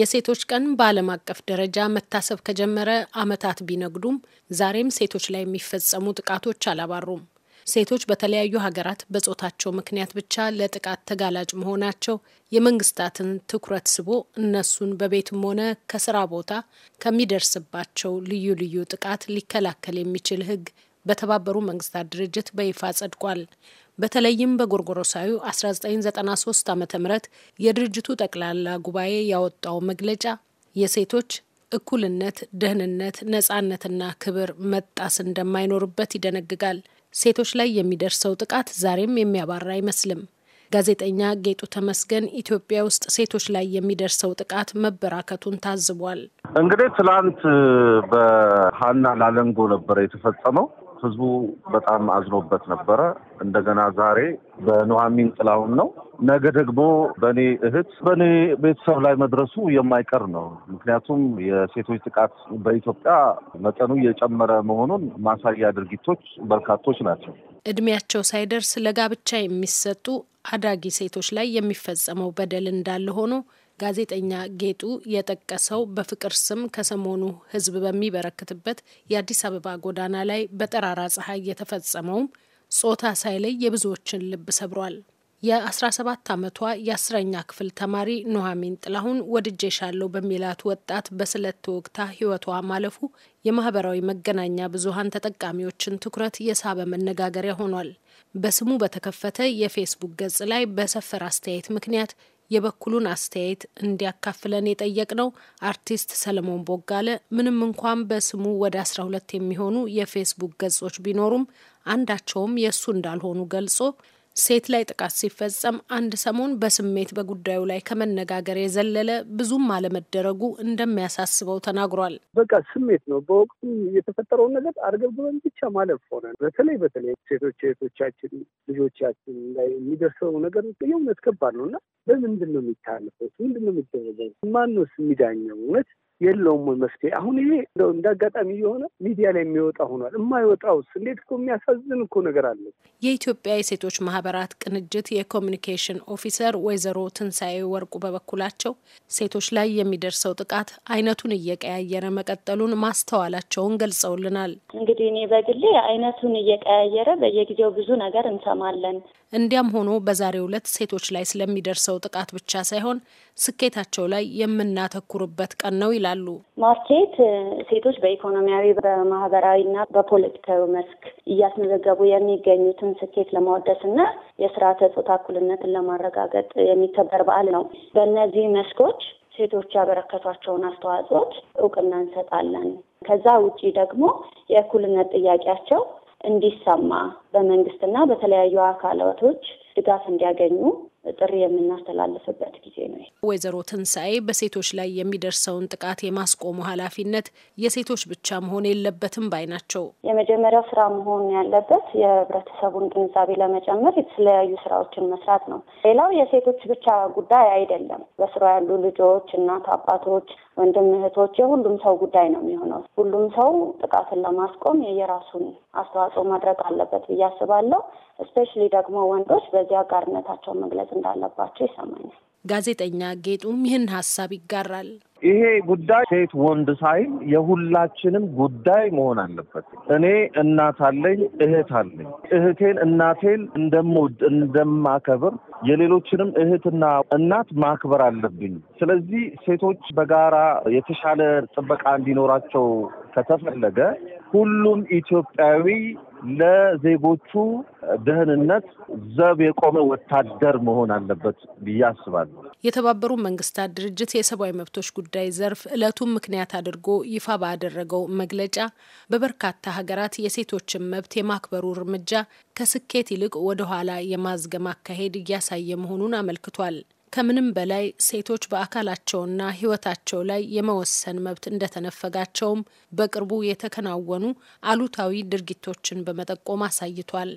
የሴቶች ቀን በዓለም አቀፍ ደረጃ መታሰብ ከጀመረ ዓመታት ቢነግዱም ዛሬም ሴቶች ላይ የሚፈጸሙ ጥቃቶች አላባሩም። ሴቶች በተለያዩ ሀገራት በጾታቸው ምክንያት ብቻ ለጥቃት ተጋላጭ መሆናቸው የመንግስታትን ትኩረት ስቦ እነሱን በቤትም ሆነ ከስራ ቦታ ከሚደርስባቸው ልዩ ልዩ ጥቃት ሊከላከል የሚችል ሕግ በተባበሩ መንግስታት ድርጅት በይፋ ጸድቋል። በተለይም በጎርጎሮሳዊ 1993 ዓ ም የድርጅቱ ጠቅላላ ጉባኤ ያወጣው መግለጫ የሴቶች እኩልነት፣ ደህንነት፣ ነጻነትና ክብር መጣስ እንደማይኖርበት ይደነግጋል። ሴቶች ላይ የሚደርሰው ጥቃት ዛሬም የሚያባራ አይመስልም። ጋዜጠኛ ጌጡ ተመስገን ኢትዮጵያ ውስጥ ሴቶች ላይ የሚደርሰው ጥቃት መበራከቱን ታዝቧል። እንግዲህ ትላንት በሀና ላለንጎ ነበር የተፈጸመው። ህዝቡ በጣም አዝኖበት ነበረ። እንደገና ዛሬ በኑሐሚን ጥላሁን ነው። ነገ ደግሞ በእኔ እህት በእኔ ቤተሰብ ላይ መድረሱ የማይቀር ነው። ምክንያቱም የሴቶች ጥቃት በኢትዮጵያ መጠኑ እየጨመረ መሆኑን ማሳያ ድርጊቶች በርካቶች ናቸው። እድሜያቸው ሳይደርስ ለጋብቻ የሚሰጡ አዳጊ ሴቶች ላይ የሚፈጸመው በደል እንዳለ ሆኖ ጋዜጠኛ ጌጡ የጠቀሰው በፍቅር ስም ከሰሞኑ ሕዝብ በሚበረክትበት የአዲስ አበባ ጎዳና ላይ በጠራራ ፀሐይ የተፈጸመውም ጾታ ሳይለይ የብዙዎችን ልብ ሰብሯል። የ17 ዓመቷ የአስረኛ ክፍል ተማሪ ኑሐሚን ጥላሁን ወድጄሻለሁ በሚላት ወጣት በስለት ተወግታ ሕይወቷ ማለፉ የማህበራዊ መገናኛ ብዙኃን ተጠቃሚዎችን ትኩረት የሳበ መነጋገሪያ ሆኗል። በስሙ በተከፈተ የፌስቡክ ገጽ ላይ በሰፈር አስተያየት ምክንያት የበኩሉን አስተያየት እንዲያካፍለን የጠየቅነው አርቲስት ሰለሞን ቦጋለ ምንም እንኳን በስሙ ወደ 12 የሚሆኑ የፌስቡክ ገጾች ቢኖሩም አንዳቸውም የእሱ እንዳልሆኑ ገልጾ ሴት ላይ ጥቃት ሲፈጸም አንድ ሰሞን በስሜት በጉዳዩ ላይ ከመነጋገር የዘለለ ብዙም አለመደረጉ እንደሚያሳስበው ተናግሯል። በቃ ስሜት ነው። በወቅቱ የተፈጠረውን ነገር አርገብግበን ብቻ ማለፍ ሆነ። በተለይ በተለይ ሴቶች እህቶቻችን፣ ልጆቻችን ላይ የሚደርሰው ነገር የእውነት ከባድ ነው እና በምንድን ነው የሚታለፈው? ምንድን ነው የሚደረገው? ማን ነው የሚዳኘው? እውነት የለውም ወይ መፍትሄ? አሁን ይሄ እንደው እንደ አጋጣሚ የሆነ ሚዲያ ላይ የሚወጣ ሆኗል። የማይወጣውስ እንዴት እኮ የሚያሳዝን እኮ ነገር አለ። የኢትዮጵያ የሴቶች ማህበራት ቅንጅት የኮሚኒኬሽን ኦፊሰር ወይዘሮ ትንሣኤ ወርቁ በበኩላቸው ሴቶች ላይ የሚደርሰው ጥቃት አይነቱን እየቀያየረ መቀጠሉን ማስተዋላቸውን ገልጸውልናል። እንግዲህ እኔ በግሌ አይነቱን እየቀያየረ በየጊዜው ብዙ ነገር እንሰማለን። እንዲያም ሆኖ በዛሬው ዕለት ሴቶች ላይ ስለሚደርሰው ጥቃት ብቻ ሳይሆን ስኬታቸው ላይ የምናተኩርበት ቀን ነው ይላል ይላሉ። ማርኬት ሴቶች በኢኮኖሚያዊ በማህበራዊ ና በፖለቲካዊ መስክ እያስመዘገቡ የሚገኙትን ስኬት ለማወደስና የስርዓተ ጾታ እኩልነትን ለማረጋገጥ የሚከበር በዓል ነው። በእነዚህ መስኮች ሴቶች ያበረከቷቸውን አስተዋጽኦች እውቅና እንሰጣለን። ከዛ ውጪ ደግሞ የእኩልነት ጥያቄያቸው እንዲሰማ በመንግስትና በተለያዩ አካላቶች ድጋፍ እንዲያገኙ ጥሪ የምናስተላልፍበት ጊዜ ነው። ወይዘሮ ትንሣኤ በሴቶች ላይ የሚደርሰውን ጥቃት የማስቆሙ ኃላፊነት የሴቶች ብቻ መሆን የለበትም ባይ ናቸው። የመጀመሪያው ስራ መሆን ያለበት የህብረተሰቡን ግንዛቤ ለመጨመር የተለያዩ ስራዎችን መስራት ነው። ሌላው የሴቶች ብቻ ጉዳይ አይደለም። በስራ ያሉ ልጆች፣ እናት አባቶች፣ ወንድም እህቶች፣ የሁሉም ሰው ጉዳይ ነው የሚሆነው። ሁሉም ሰው ጥቃትን ለማስቆም የየራሱን አስተዋጽኦ ማድረግ አለበት ብዬ አስባለሁ። እስፔሻሊ ደግሞ ወንዶች በዚህ አጋርነታቸው መግለጽ መያዝ እንዳለባቸው ይሰማኛል። ጋዜጠኛ ጌጡም ይህን ሀሳብ ይጋራል። ይሄ ጉዳይ ሴት ወንድ ሳይል የሁላችንም ጉዳይ መሆን አለበት። እኔ እናት አለኝ፣ እህት አለኝ። እህቴን እናቴን እንደምወድ እንደማከብር፣ የሌሎችንም እህትና እናት ማክበር አለብኝ። ስለዚህ ሴቶች በጋራ የተሻለ ጥበቃ እንዲኖራቸው ከተፈለገ ሁሉም ኢትዮጵያዊ ለዜጎቹ ደህንነት ዘብ የቆመ ወታደር መሆን አለበት ብዬ አስባለሁ። የተባበሩ መንግስታት ድርጅት የሰብአዊ መብቶች ጉዳይ ዘርፍ እለቱን ምክንያት አድርጎ ይፋ ባደረገው መግለጫ በበርካታ ሀገራት የሴቶችን መብት የማክበሩ እርምጃ ከስኬት ይልቅ ወደ ኋላ የማዝገም አካሄድ እያሳየ መሆኑን አመልክቷል። ከምንም በላይ ሴቶች በአካላቸውና ሕይወታቸው ላይ የመወሰን መብት እንደተነፈጋቸውም በቅርቡ የተከናወኑ አሉታዊ ድርጊቶችን በመጠቆም አሳይቷል።